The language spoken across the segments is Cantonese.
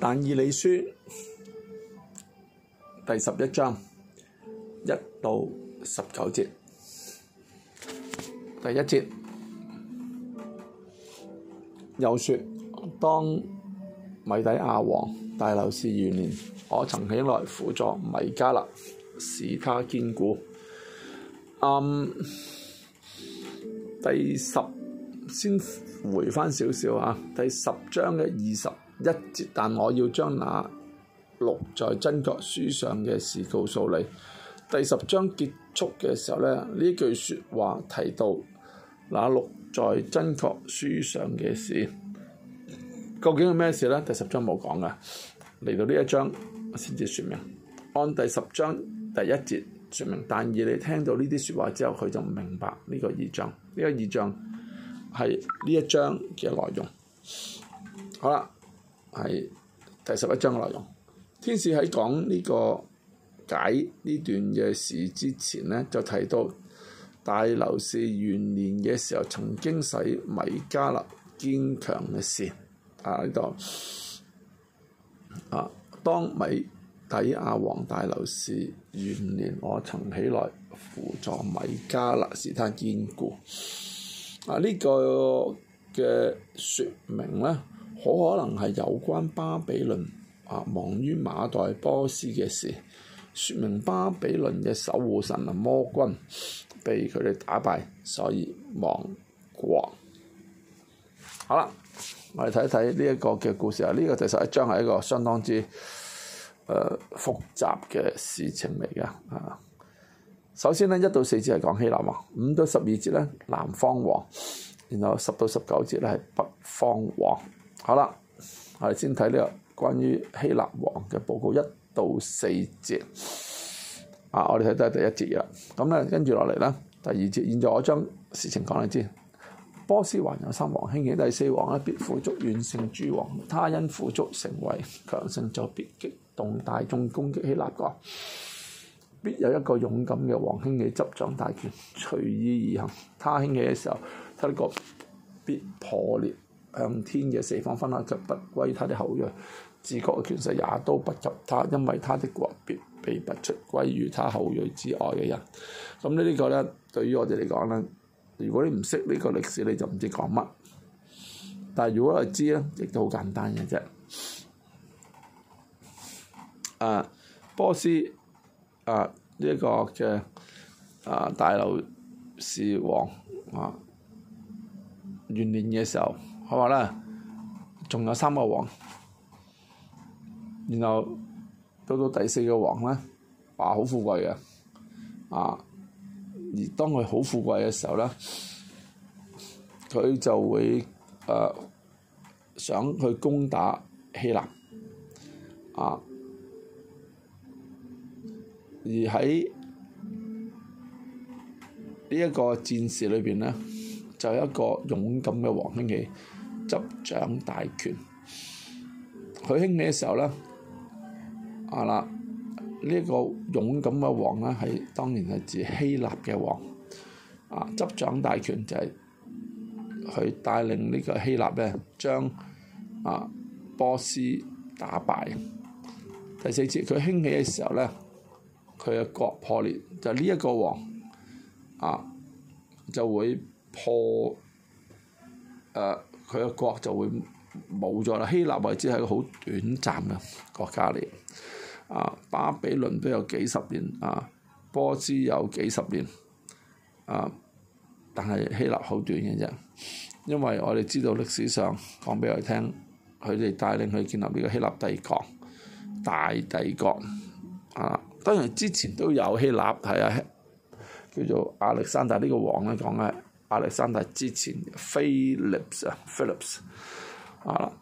但以理書第十一章一到十九節，第一節又說：當米底亞王大流士元年，我曾起來輔助米迦勒，使他堅固。啱、嗯，第十先回翻少少啊，第十章嘅二十。一節，但我要將那錄在真確書上嘅事告訴你。第十章結束嘅時候呢，呢句説話提到那錄在真確書上嘅事，究竟係咩事呢？第十章冇講㗎。嚟到呢一章我先至説明。按第十章第一節説明，但以理聽到呢啲説話之後，佢就唔明白呢個異象，呢、這個異象係呢一章嘅內容。好啦。係第十一章嘅內容。天使喺講呢個解呢段嘅事之前呢，就提到大流士元年嘅時候，曾經使米迦勒堅強嘅事。啊呢、這個啊，當米底亞王大流士元年，我曾起來扶助米迦勒，使他堅固。啊呢、這個嘅説明呢。好可能係有關巴比倫啊，亡於馬代波斯嘅事，説明巴比倫嘅守護神啊魔君被佢哋打敗，所以亡國。好啦，我哋睇一睇呢一個嘅故事啊。呢、這個第十一章係一個相當之誒、呃、複雜嘅事情嚟嘅啊。首先咧，一到四節係講希臘王，五到十二節咧南方王，然後十到十九節咧係北方王。好啦，我哋先睇呢個關於希臘王嘅報告一到四節。啊，我哋睇都係第一節嘅。咁咧跟住落嚟咧，第二節。現在我將事情講你知。波斯還有三王興起，第四王咧必富足，遠勝諸王。他因富足成為強盛，就必激動大眾攻擊希臘國。必有一個勇敢嘅王興起執掌大權，隨意而行。他興起嘅時候，他嘅國必破裂。向天嘅四方分開，就不歸他的後裔，治國嘅權勢也都不及他，因為他的國別被不出歸於他後裔之外嘅人。咁、嗯這個、呢？呢個咧，對於我哋嚟講咧，如果你唔識呢個歷史，你就唔知講乜。但係如果你知咧，亦都好簡單嘅啫。啊，波斯啊呢一、這個即、就、係、是、啊大流士王啊元年嘅時候。佢話咧，仲有三個王，然後到到第四個王呢，話好富貴嘅，啊！而當佢好富貴嘅時候呢，佢就會、呃、想去攻打希臘，啊，而喺呢一個戰事裏邊呢，就有一個勇敢嘅王興起執掌大權，佢興起嘅時候呢，啊啦，呢一個勇敢嘅王呢，係當然係指希臘嘅王，啊，執掌大權就係佢帶領呢個希臘呢，將啊波斯打敗。第四節佢興起嘅時候呢，佢嘅國破裂就呢一個王，啊就會破誒。啊佢個國就會冇咗啦。希臘為之係一個好短暫嘅國家嚟，啊，巴比倫都有幾十年，啊波斯有幾十年，啊但係希臘好短嘅啫。因為我哋知道歷史上講俾佢聽，佢哋帶領佢建立呢個希臘帝國大帝國，啊當然之前都有希臘係啊叫做亞歷山大呢個王咧講嘅。亞歷山大之前 Phillips 啊 Phillips 啊啦。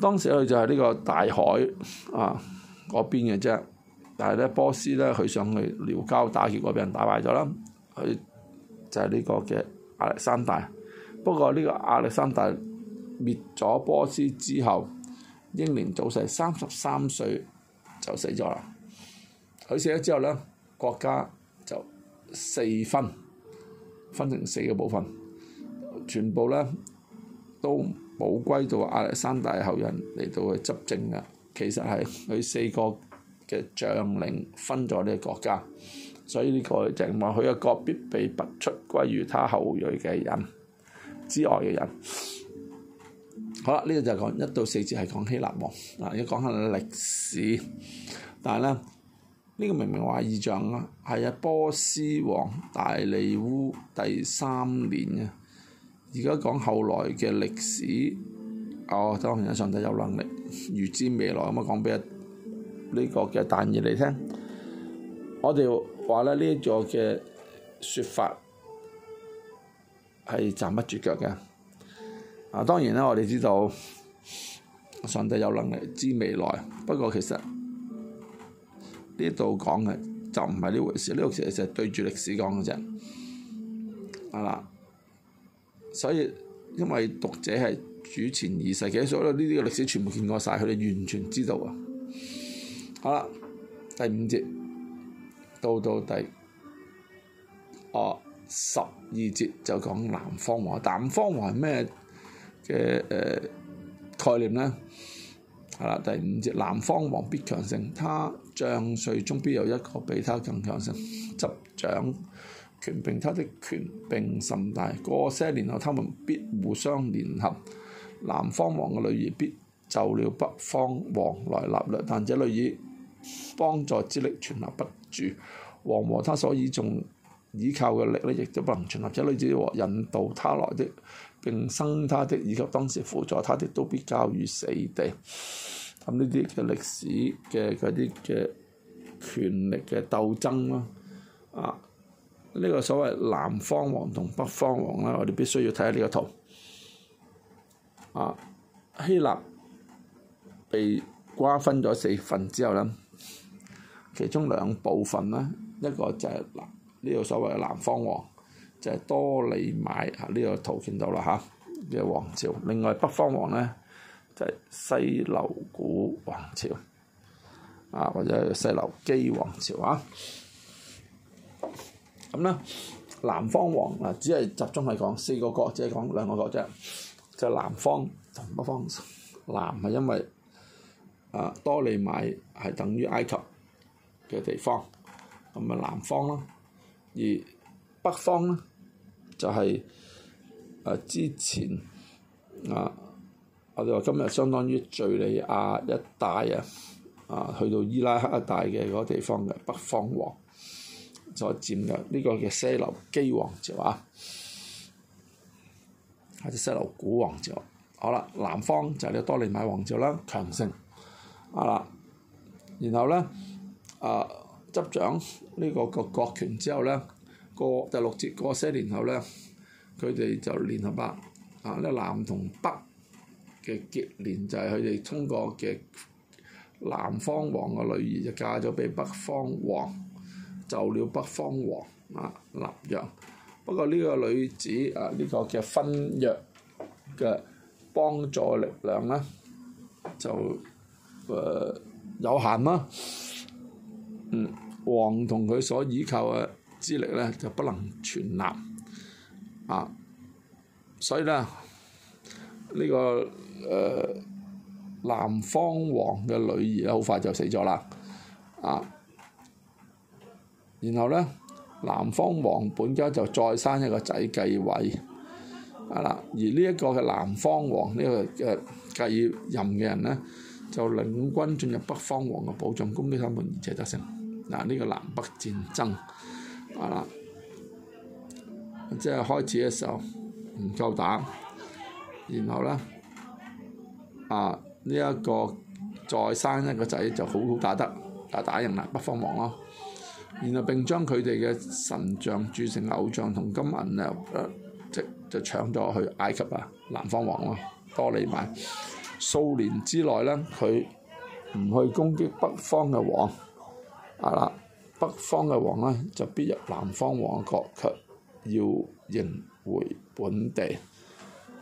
當時佢就係呢個大海啊，嗰邊嘅啫。但係咧波斯咧佢上去撩交打，結果俾人打敗咗啦。佢就係呢個嘅亞歷山大。不過呢個亞歷山大滅咗波斯之後，英年早逝，三十三歲就死咗啦。佢死咗之後咧，國家就四分。分成四個部分，全部咧都冇歸到亞歷山大後人嚟到去執政嘅，其實係佢四個嘅將領分咗呢個國家，所以呢個城邦佢嘅國必被拔出歸於他後裔嘅人之外嘅人。好啦，呢個就係講一到四節係講希臘王，而家講下歷史，但係咧。呢個明明話係異象啊！係啊，波斯王大利烏第三年啊！而家講後來嘅歷史，哦，當然上帝有能力預知未來，咁啊講俾呢個嘅但以理你聽。我哋話咧呢一座嘅説法係站不住腳嘅。啊，當然啦，我哋知道上帝有能力知未來，不過其實。呢度講嘅就唔係呢回事，呢個其實係對住歷史講嘅啫，係、啊、啦。所以因為讀者係主前二世紀嘅，所以呢啲嘅歷史全部見過晒，佢哋完全知道啊。好啦，第五節到到第哦十二節就講南方王。南方王係咩嘅誒概念呢？係、啊、啦，第五節南方王必強盛，他，將帥中必有一個比他更強盛，執掌權柄，他的權柄甚大。過些年後，他們必互相聯合。南方王嘅女兒必就了北方王來立約，但這女兒幫助之力存留不住，王和他所以仲倚靠嘅力呢，亦都不能存立。這女子和引導他來的，並生他的，以及當時輔助他的，都必交於死地。呢啲嘅歷史嘅嗰啲嘅權力嘅鬥爭啦，啊，呢個所謂南方王同北方王啦，我哋必須要睇下呢個圖，啊，希臘被瓜分咗四份之後咧，其中兩部分咧，一個就係南呢個所謂嘅南方王，就係、是、多利買，啊呢個圖見到啦嚇嘅王朝，另外北方王咧。西流古王朝，啊或者係西流基王朝啊，咁、嗯、咧南方王嗱、啊，只係集中係講四個國，只係講兩個國啫，就係、是、南方同北方南。南係因為啊多利米係等於埃及嘅地方，咁啊南方啦、啊，而北方咧就係、是、啊之前啊。我哋話今日相當於敍利亞一帶啊，啊去到伊拉克一帶嘅嗰地方嘅北方王所佔嘅呢、這個嘅西流基王朝啊，啊啲西流古王朝，好啦，南方就係呢個多利買王朝啦，強盛啊，然後咧啊執掌呢個個國權之後咧，過第六節過些年後咧，佢哋就聯合啦啊，呢、這個、南同北。嘅結聯就係佢哋通過嘅南方王嘅女兒就嫁咗俾北方王，就了北方王啊立約。不過呢個女子啊呢、這個嘅婚約嘅幫助力量咧就誒、呃、有限啦。嗯，王同佢所依靠嘅資力咧就不能全納啊。所以咧呢、這個。誒、呃、南方王嘅女兒咧，好快就死咗啦，啊！然後咧，南方王本家就再生一個仔繼位，啊啦！而呢一個嘅南方王、這個呃、繼呢個嘅繼任嘅人咧，就領軍進入北方王嘅保障攻擊他們，而且得勝。嗱、啊，呢、這個南北戰爭啊啦、啊，即係開始嘅時候唔夠打，然後咧。啊！呢一個再生一個仔就好好打得啊，打贏啦北方王咯。然後並將佢哋嘅神像鑄成偶像，同金銀啊，即就搶咗去埃及啊，南方王咯，多利曼。數年之內咧，佢唔去攻擊北方嘅王啊啦，北方嘅王咧就必入南方王國，卻要迎回本地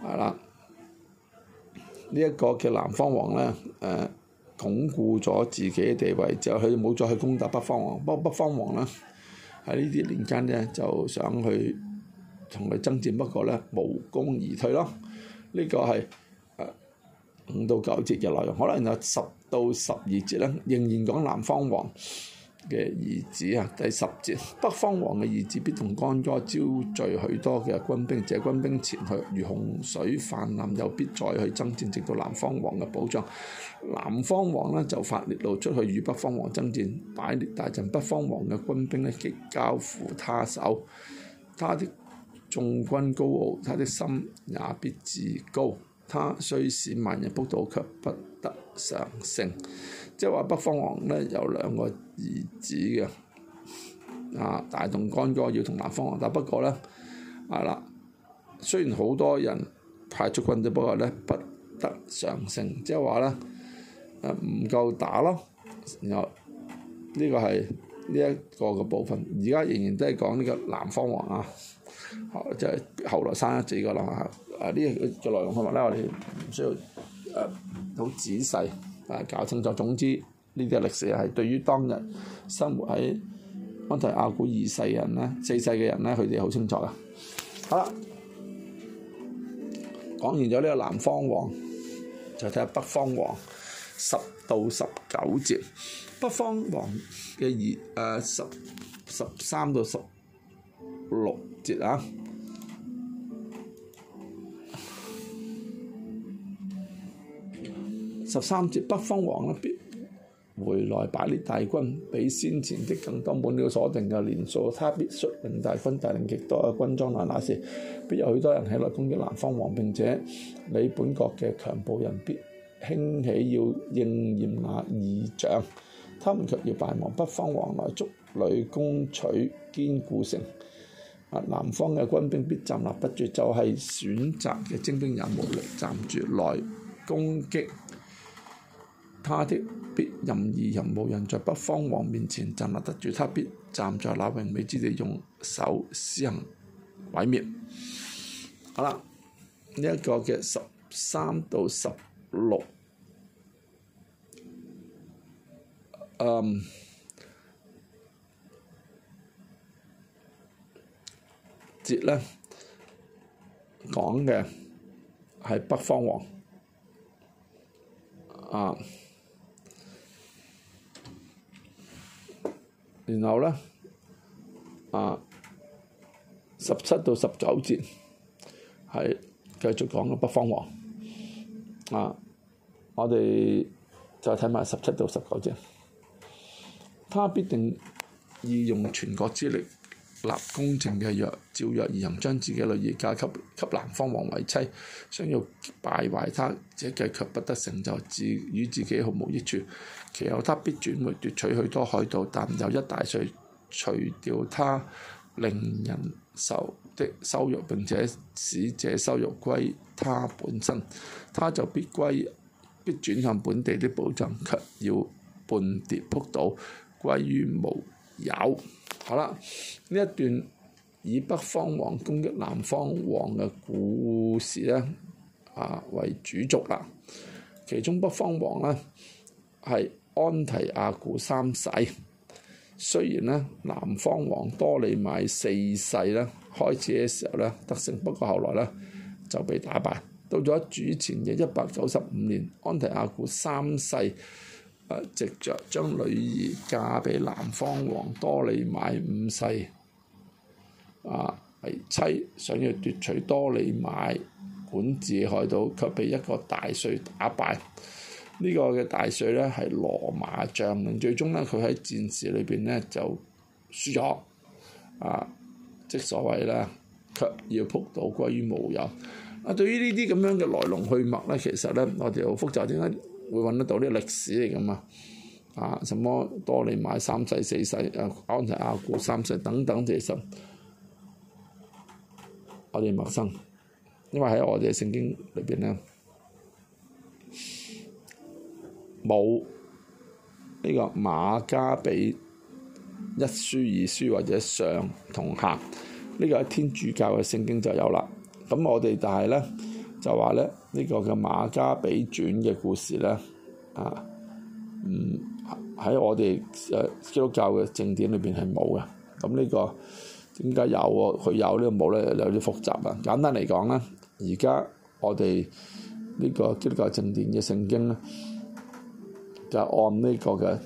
啊啦。呢一個嘅南方王咧，誒、呃，鞏固咗自己嘅地位，之後就佢冇再去攻打北方王。不過北方王咧，喺呢啲年間咧，就想去同佢爭戰，不過咧無功而退咯。呢、這個係誒五到九節嘅內容，可能有十到十二節咧，仍然講南方王。嘅兒子啊，第十節，北方王嘅兒子必同干戈招聚許多嘅軍兵，這軍兵前去如洪水泛濫，又必再去爭戰，直到南方王嘅保障。南方王呢就發烈怒出去與北方王爭戰，擺列大陣，北方王嘅軍兵呢極交付他手。他的眾軍高傲，他的心也必自高。他雖是萬人仆倒，却不得上勝。即係話北方王咧有兩個兒子嘅，啊大動干戈要同南方王打，但不過咧係啦，雖然好多人派出軍隊，不過咧不得常勝，即係話咧誒唔夠打咯，然後呢個係呢一個嘅部分，而家仍然都係講呢個南方王啊，啊即係後來生咗幾個啦嚇，啊呢、這個嘅內容我唔拉我哋唔需要誒好、啊、仔細。誒、啊、搞清楚，總之呢啲歷史係對於當日生活喺安提阿古二世人咧、四世嘅人咧，佢哋好清楚噶。好啦，講完咗呢個南方王，就睇下北方王十到十九節，北方王嘅二誒十十三到十六節啊。十三節，北方王必回來擺列大軍，比先前的更多。滿了所定嘅年數，他必率領大軍帶領極多嘅軍裝來。那時必有許多人起來攻擊南方王，並且你本國嘅強暴人必興起要應驗那異象，他們卻要敗亡。北方王來築壘攻取堅固城，南方嘅軍兵必站立不住，就係、是、選擇嘅精兵也無力站住來攻擊。他的必任意而行，無人在北方王面前站立得住，他必站在那榮美之地，用手施行毀滅。好啦，呢、這、一個嘅十三到十六誒節咧講嘅係北方王啊。然後呢，啊，十七到十九節係繼續講嘅北方王，啊，我哋就睇埋十七到十九節，他必定要用全國之力。立公正嘅約，照約而行，將自己女兒嫁給給南方王為妻，想要敗壞他，這計卻不得成就，自與自己毫無益處。其後他必轉回奪取許多海島，但有一大帥除掉他令人受的羞辱，並且使這羞辱歸他本身，他就必歸必轉向本地的保障，卻要絆跌仆倒，歸於無有。好啦，呢一段以北方王攻擊南方王嘅故事咧，啊為主軸啦。其中北方王呢，係安提阿古三世，雖然呢南方王多利買四世咧，開始嘅時候咧，得勝，不過後來咧就被打敗。到咗主前嘅一百九十五年，安提阿古三世。藉著將女兒嫁俾南方王多利買五世啊為妻，想要奪取多利買管治海島，卻被一個大帥打敗。呢、這個嘅大帥呢係羅馬將領，最終呢，佢喺戰事裏邊呢就輸咗啊！即所謂呢，卻要仆倒歸於無有。啊，對於呢啲咁樣嘅來龍去脈呢，其實呢，我哋好複雜，點解？會揾得到啲歷史嚟㗎嘛？啊，什麼多利買三世四世啊，安提阿古三世等等，這些我哋陌生，因為喺我哋聖經裏邊呢，冇呢個馬加比一書、二書或者上同下，呢個係天主教嘅聖經就有啦。咁我哋就係呢。就話咧，呢個嘅馬加比傳嘅故事咧，啊，唔喺我哋誒基督教嘅正典裏邊係冇嘅。咁呢個點解有佢有，有呢個冇咧，有啲複雜啊。簡單嚟講咧，而家我哋呢個基督教正典嘅聖經咧，就按呢個嘅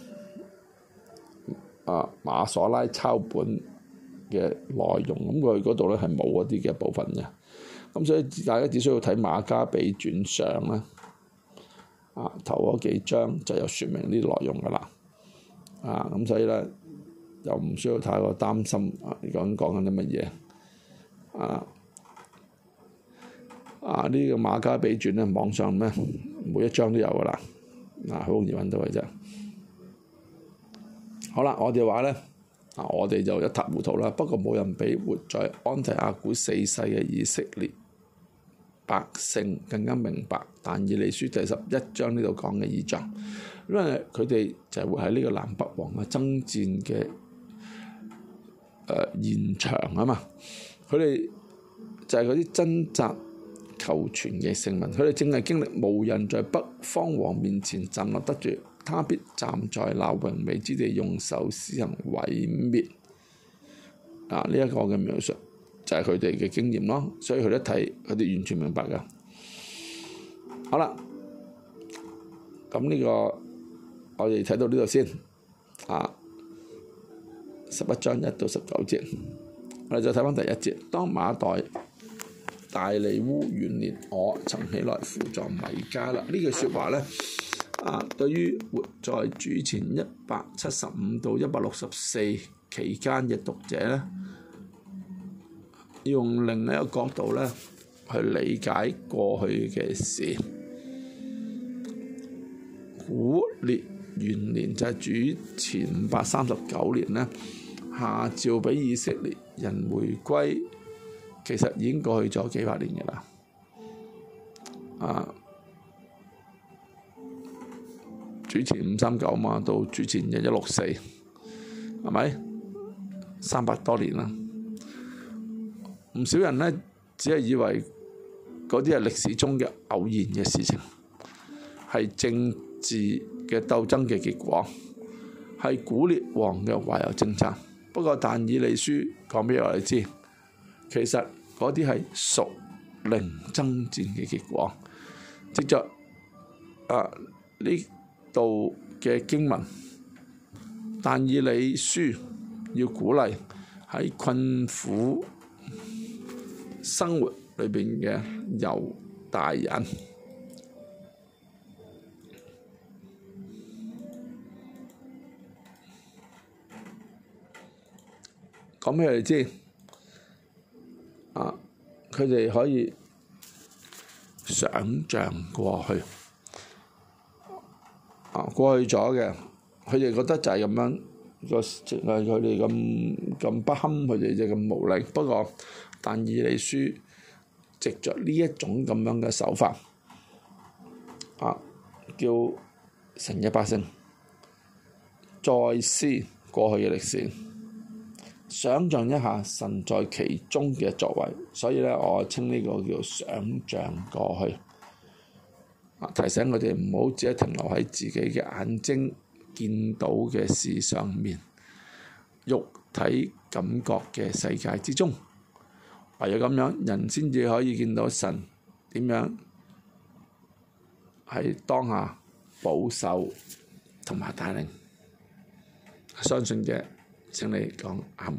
啊馬索拉抄本嘅內容，咁佢嗰度咧係冇嗰啲嘅部分嘅。咁所以大家只需要睇馬加比傳相咧，啊，頭嗰幾章就有説明啲內容㗎啦，啊，咁所以咧就唔需要太過擔心啊，講講緊啲乜嘢，啊啊呢個馬加比傳咧，網上咩每一章都有㗎啦，嗱、啊、好容易揾到㗎啫。好啦，我哋話咧，啊我哋就一塌糊塗啦，不過冇人比活在安提阿古四世嘅以色列。百姓更加明白《但以理書》第十一章呢度講嘅異象，因為佢哋就係活喺呢個南北王嘅爭戰嘅誒現場啊嘛，佢、呃、哋就係嗰啲掙扎求存嘅聖民，佢哋正係經歷無人在北方王面前站立得住，他必站在那榮美之地，用手施行毀滅。啊，呢、這、一個嘅描述。就係佢哋嘅經驗咯，所以佢一睇，佢哋完全明白噶。好啦，咁、這、呢個我哋睇到呢度先，啊，十一章一到十九節，我哋再睇返第一節：當馬代大利烏元年，我，曾起來輔助米家啦。呢句說話咧，啊，對於活在主前一百七十五到一百六十四期間嘅讀者咧。要用另一個角度呢去理解過去嘅事。古列元年就係、是、主前五百三十九年呢，下詔畀以色列人回歸，其實已經過去咗幾百年㗎啦。啊，主前五三九嘛，到主前一一六四，係咪三百多年啦？唔少人呢，只係以為嗰啲係歷史中嘅偶然嘅事情，係政治嘅鬥爭嘅結果，係古列王嘅懷柔政策。不過但以理書講俾我哋知，其實嗰啲係屬靈爭戰嘅結果。接着啊呢度嘅經文，但以理書要鼓勵喺困苦生活裏邊嘅猶大人，講畀佢哋知，啊，佢哋可以想像過去，啊，過去咗嘅，佢哋覺得就係咁樣，個，即係佢哋咁咁不堪，佢哋就咁無力，不過。但以理書藉着呢一種咁樣嘅手法，啊，叫神嘅百姓再思過去嘅歷史，想像一下神在其中嘅作為。所以呢，我稱呢個叫想像過去。啊，提醒我哋唔好只係停留喺自己嘅眼睛見到嘅事上面，肉體感覺嘅世界之中。係啊，咁樣人先至可以見到神點樣喺當下保守同埋帶領。相信嘅請你講啱。